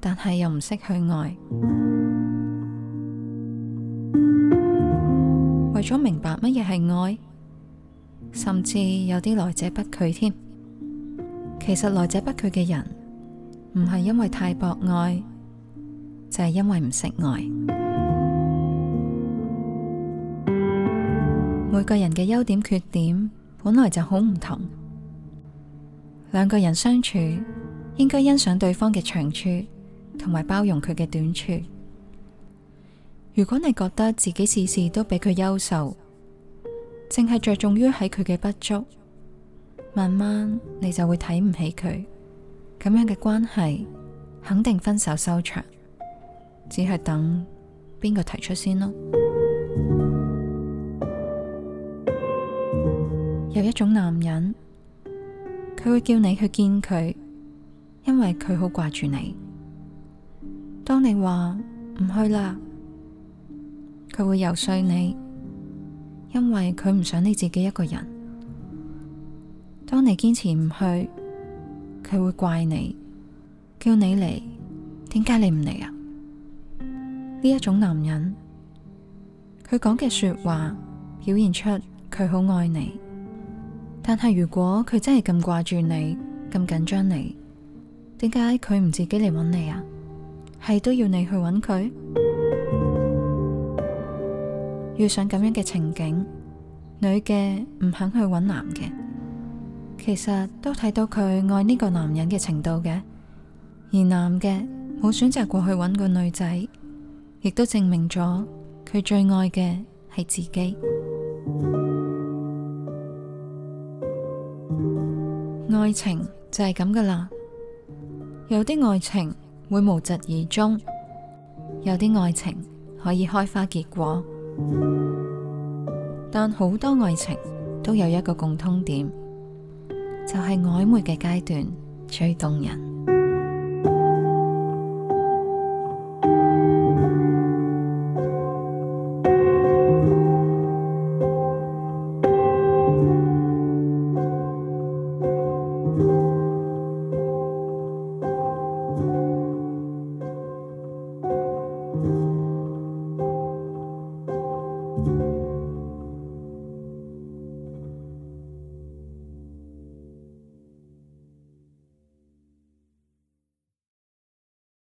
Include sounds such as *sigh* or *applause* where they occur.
但係又唔識去愛，為咗明白乜嘢係愛，甚至有啲來者不拒添。其實來者不拒嘅人，唔係因為太博愛，就係因為唔識愛。每個人嘅優點缺點本來就好唔同，兩個人相處應該欣賞對方嘅長處。同埋包容佢嘅短處。如果你覺得自己事事都比佢優秀，淨係着重於喺佢嘅不足，慢慢你就會睇唔起佢。咁樣嘅關係肯定分手收場，只係等邊個提出先咯。 *music* 有一種男人，佢會叫你去見佢，因為佢好掛住你。當你話唔去啦，佢會遊說你，因為佢唔想你自己一個人。當你堅持唔去，佢會怪你，叫你嚟，點解你唔嚟啊？呢一種男人，佢講嘅說話表現出佢好愛你，但係如果佢真係咁掛住你，咁緊張你，點解佢唔自己嚟揾你啊？係都要你去揾佢，遇上咁樣嘅情景，女嘅唔肯去揾男嘅，其實都睇到佢愛呢個男人嘅程度嘅，而男嘅冇選擇過去揾個女仔，亦都證明咗佢最愛嘅係自己。愛情就係咁噶啦，有啲愛情會無疾而終，有啲愛情可以開花結果，但好多愛情都有一個共通點，就係、是、曖昧嘅階段最動人。